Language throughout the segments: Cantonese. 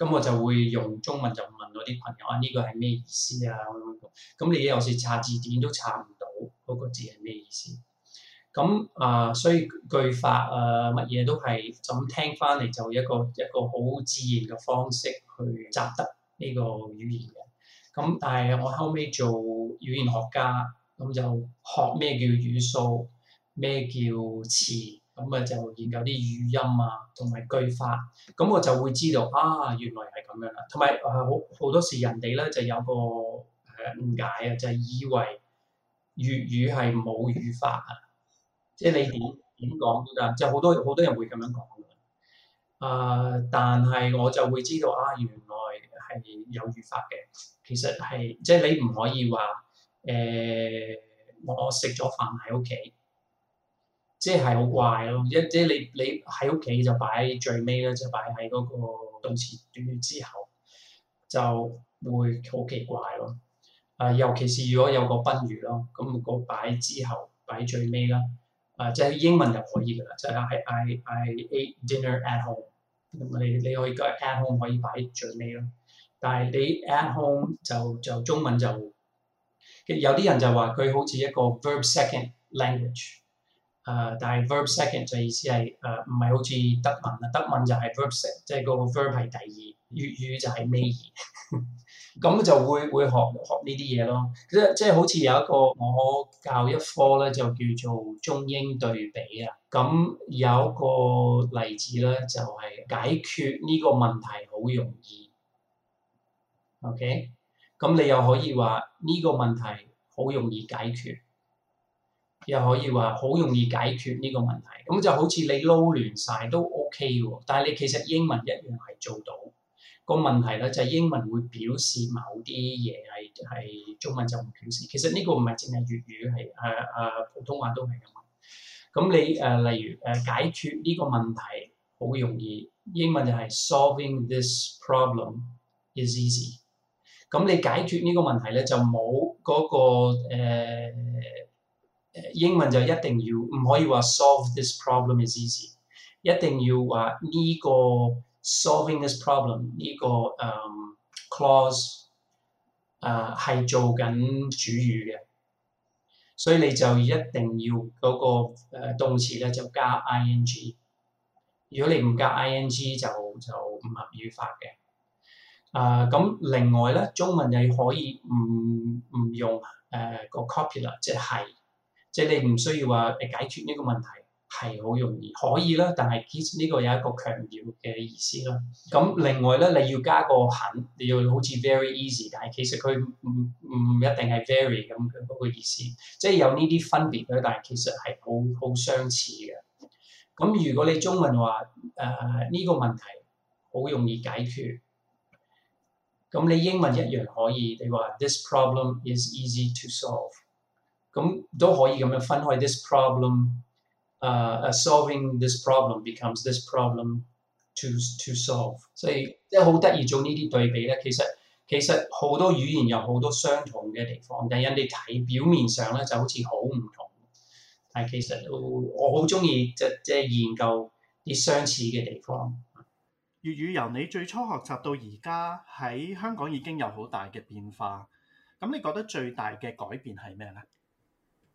咁我就會用中文就問我啲朋友啊，呢個係咩意思啊？咁你有時查字典都查唔到嗰個字係咩意思。咁啊、呃，所以句法啊，乜嘢都係就咁聽翻嚟，就一個一個好自然嘅方式去習得呢個語言嘅。咁但係我後尾做語言學家，咁就學咩叫語素，咩叫詞。咁啊就研究啲語音啊，同埋句法，咁我就會知道啊，原來係咁樣啦。同埋啊，好、呃、好多時人哋咧就有個誒誤解啊，就係、是、以為粵語係冇語法啊，即係你點點講都得，即係好多好多人會咁樣講嘅。啊、呃，但係我就會知道啊，原來係有語法嘅。其實係即係你唔可以話誒、呃，我食咗飯喺屋企。即係好怪咯，即即係你你喺屋企就擺最尾啦，就擺喺嗰個動詞短語之後，就會好奇怪咯。啊、呃，尤其是如果有個賓語咯，咁如果擺之後擺最尾啦。啊、呃，即係英文就可以噶啦，即係 I I I ate dinner at home。咁你你可以 at home 可以擺最尾咯，但係你 at home 就就中文就有啲人就話佢好似一個 verb second language。誒、呃，但係 verb second 就意思係誒，唔係好似德文啊，德文就係 verb second，即係個 verb 係第二，粵語就係尾二，咁就會會學學呢啲嘢咯。即即係好似有一個我教一科咧，就叫做中英對比啊。咁、嗯、有一個例子咧，就係、是、解決呢個問題好容易。OK，咁、嗯、你又可以話呢、這個問題好容易解決。又可以話好容易解決呢個問題，咁就好似你撈亂晒都 OK 喎。但係你其實英文一樣係做到個問題咧，就係英文會表示某啲嘢係係中文就唔表示。其實呢個唔係淨係粵語係，誒誒普通話都係咁啊。咁你誒例如誒解決呢個問題好容易，英文就係 Solving this problem is easy。咁你解決呢個問題咧就冇嗰個誒。英文就一定要唔可以話 solve this problem is easy，一定要話呢個 solving this problem 呢、這個誒、um, clause 誒、呃、係做緊主語嘅，所以你就一定要嗰、那個誒、呃、動詞咧就加 ing。如果你唔加 ing 就就唔合語法嘅。誒、呃、咁另外咧中文你可以唔唔用誒個 copula 即係。呃即係你唔需要話誒解決呢個問題係好容易可以啦，但係呢個有一個強調嘅意思啦。咁另外咧，你要加個很，你要好似 very easy，但係其實佢唔唔一定係 very 咁嗰個意思。即係有呢啲分別咧，但係其實係好好相似嘅。咁如果你中文話誒呢個問題好容易解決，咁你英文一樣可以，你話 this problem is easy to solve。咁都可以咁樣分開 this problem，solving this problem becomes this problem to to solve。所以即係好得意做呢啲對比咧。其實其實好多語言有好多相同嘅地方，但係人哋睇表面上咧就好似好唔同，但係其實都我好中意即即係研究啲相似嘅地方。粵語由你最初學習到而家喺香港已經有好大嘅變化，咁你覺得最大嘅改變係咩咧？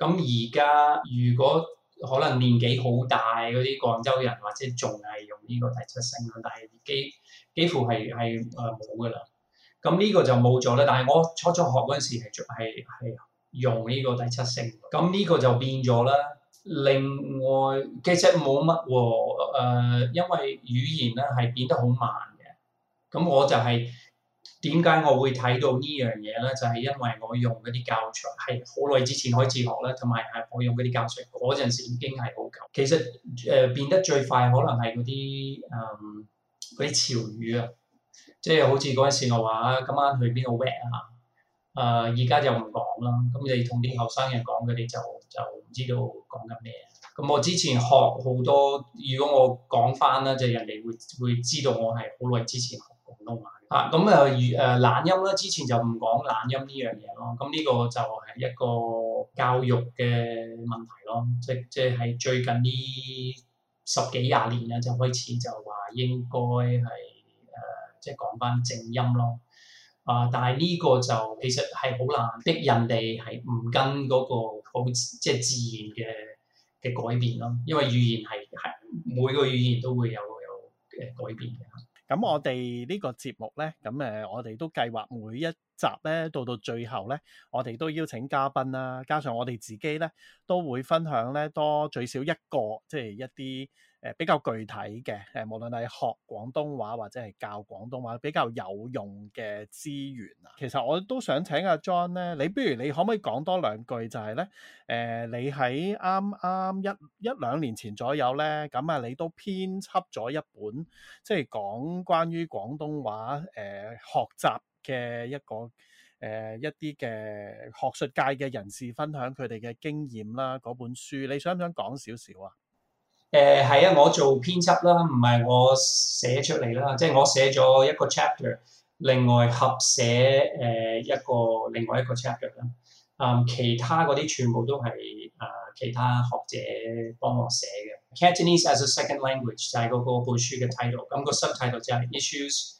咁而家如果可能年紀好大嗰啲廣州人或者仲係用呢個第七聲咯，但係幾幾，幾乎係係誒冇㗎啦。咁呢、呃、個就冇咗啦。但係我初初學嗰陣時係係用呢個第七聲，咁呢個就變咗啦。另外其實冇乜喎誒，因為語言咧係變得好慢嘅。咁我就係、係。點解我會睇到呢樣嘢咧？就係因為我用嗰啲教材係好耐之前開始學咧，同埋係我用嗰啲教材嗰陣時已經係好舊。其實誒變得最快可能係嗰啲誒啲潮語啊，即係好似嗰陣時我話今晚去邊度 wet 啊？誒而家就唔講啦。咁你同啲後生人講，佢哋就就唔知道講緊咩。咁我之前學好多，如果我講翻啦，就人哋會會知道我係好耐之前學廣東話。啊，咁、嗯、啊，如誒懶音啦，之前就唔講懶音呢樣嘢咯，咁、這、呢個就係一個教育嘅問題咯，即即係最近呢十幾廿年啊，就開始就話應該係誒，即係講返正音咯。啊，但係呢個就其實係好難逼人哋係唔跟嗰個好即係自然嘅嘅改變咯，因為語言係係每個語言都會有有嘅改變嘅。咁我哋呢個節目咧，咁誒，我哋都計劃每一集咧，到到最後咧，我哋都邀請嘉賓啦、啊，加上我哋自己咧都會分享咧多最少一個，即係一啲誒、呃、比較具體嘅誒、呃，無論係學廣東話或者係教廣東話比較有用嘅資源啊。其實我都想請阿、啊、John 咧，你不如你可唔可以講多兩句就呢？就係咧誒，你喺啱啱一一兩年前左右咧，咁啊你都編輯咗一本即係講關於廣東話誒、呃、學習。嘅一個誒、呃、一啲嘅學術界嘅人士分享佢哋嘅經驗啦，嗰本書你想唔想講少少啊？誒係、呃、啊，我做編輯啦，唔係我寫出嚟啦，即係我寫咗一個 chapter，另外合寫誒一個另外一個 chapter 啦。嗯，其他嗰啲全部都係啊其他學者幫我寫嘅。Cantonese as a second language，就係嗰個本書嘅題目。咁個 subtitle 就係 issues。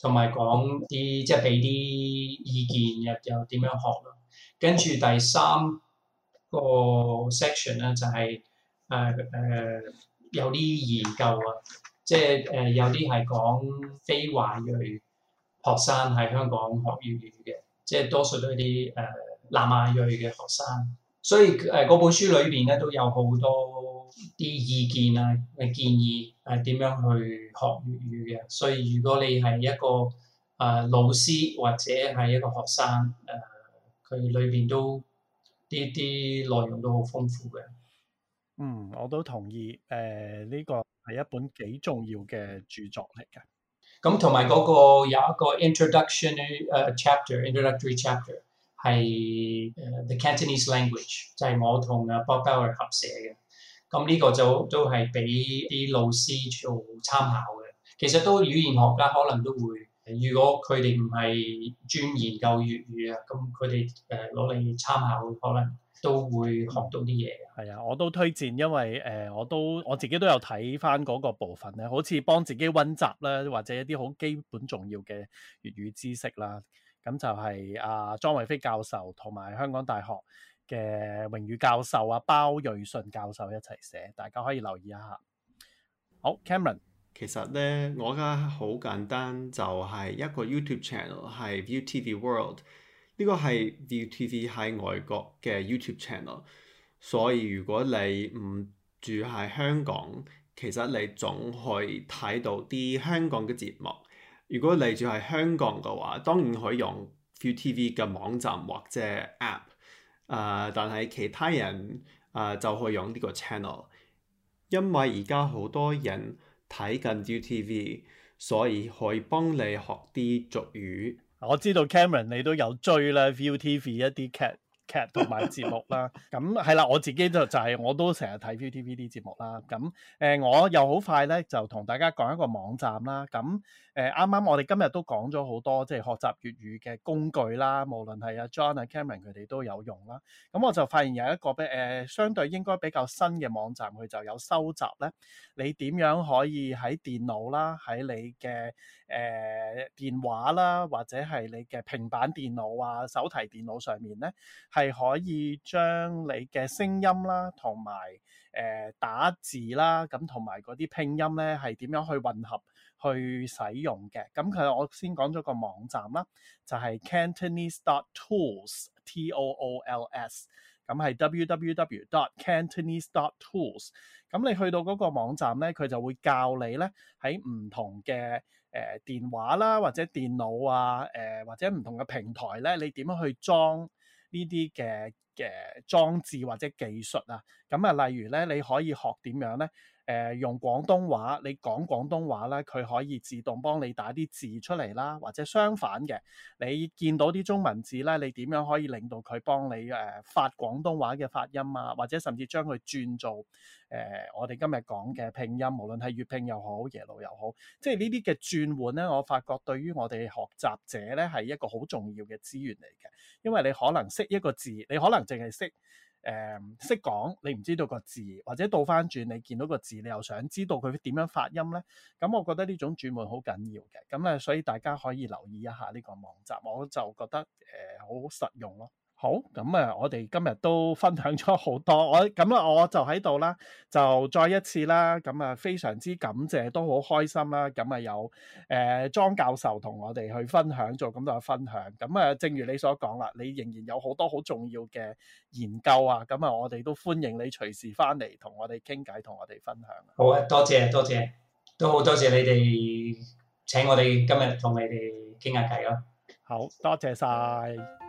同埋講啲即係俾啲意見又又點樣學咯，跟住第三個 section 咧就係誒誒有啲研究啊，即係誒、呃、有啲係講非華裔學生喺香港學粵語嘅，即係多數都係啲誒、呃、南亞裔嘅學生。所以誒，嗰、啊、本書裏邊咧都有好多啲意見啊、嘅、啊、建議誒、啊，點樣去學粵語嘅。所以如果你係一個誒、啊、老師或者係一個學生誒，佢裏邊都啲啲內容都好豐富嘅。嗯，我都同意誒，呢、呃這個係一本幾重要嘅著作嚟嘅。咁同埋嗰個有一個 introduction 誒 chapter、uh, introductory chapter。係誒，the Cantonese language 就係我同啊 Bob Bauer 合寫嘅。咁、嗯、呢、這個就都係俾啲老師做參考嘅。其實都語言學家可能都會，如果佢哋唔係專研究粵語啊，咁佢哋誒攞嚟參考，可能都會學到啲嘢。係啊，我都推薦，因為誒、呃，我都我自己都有睇翻嗰個部分咧。好似幫自己溫習啦，或者一啲好基本重要嘅粵語知識啦。咁就係阿莊偉飛教授同埋香港大學嘅榮譽教授啊，包瑞信教授一齊寫，大家可以留意一下。好，Cameron，其實咧我而家好簡單，就係一個 YouTube channel，係 ViuTV World，呢、這個係 ViuTV 喺外國嘅 YouTube channel，所以如果你唔住喺香港，其實你總可以睇到啲香港嘅節目。如果你住喺香港嘅話，當然可以用 ViuTV 嘅網站或者 App，誒、呃，但係其他人誒、呃、就可以用呢個 channel，因為而家好多人睇緊 ViuTV，所以可以幫你學啲俗語。我知道 Cameron 你都有追啦 ViuTV 一啲劇。同埋節目啦，咁、嗯、係啦，我自己就就是、係我都成日睇 VTV 啲節目啦，咁、嗯、誒、呃、我又好快咧就同大家講一個網站啦，咁誒啱啱我哋今日都講咗好多即係學習粵語嘅工具啦，無論係阿 John 啊、Cameron 佢哋都有用啦，咁、嗯、我就發現有一個比誒、呃、相對應該比較新嘅網站，佢就有收集咧，你點樣可以喺電腦啦，喺你嘅誒、呃、電話啦，或者係你嘅平板電腦啊、手提電腦上面咧係。係可以將你嘅聲音啦，同埋誒打字啦，咁同埋嗰啲拼音咧，係點樣去混合去使用嘅？咁其實我先講咗個網站啦，就係 Cantonese Tools，T O O L S，咁係 W W W dot Cantonese Tools。咁你去到嗰個網站咧，佢就會教你咧喺唔同嘅誒、呃、電話啦，或者電腦啊，誒、呃、或者唔同嘅平台咧，你點樣去裝？呢啲嘅嘅裝置或者技術啊，咁啊，例如咧，你可以學點樣咧？誒、呃、用廣東話，你講廣東話咧，佢可以自動幫你打啲字出嚟啦，或者相反嘅，你見到啲中文字咧，你點樣可以令到佢幫你誒、呃、發廣東話嘅發音啊？或者甚至將佢轉做誒、呃、我哋今日講嘅拼音，無論係粵拼又好，耶魯又好，即係呢啲嘅轉換咧，我發覺對於我哋學習者咧係一個好重要嘅資源嚟嘅，因為你可能識一個字，你可能淨係識。誒識講你唔知道個字，或者倒翻轉你見到個字，你又想知道佢點樣發音咧？咁、嗯、我覺得呢種轉換好緊要嘅，咁、嗯、咧所以大家可以留意一下呢個網站，我就覺得誒、呃、好實用咯。好，咁啊，我哋今日都分享咗好多，我咁啊，我就喺度啦，就再一次啦，咁啊，非常之感謝，都好開心啦，咁啊，有誒莊教授同我哋去分享，做咁多嘅分享，咁啊，正如你所講啦，你仍然有好多好重要嘅研究啊，咁啊，我哋都歡迎你隨時返嚟同我哋傾偈，同我哋分享。好啊，多謝多謝，都好多謝你哋請我哋今日同你哋傾下偈咯。好多謝晒。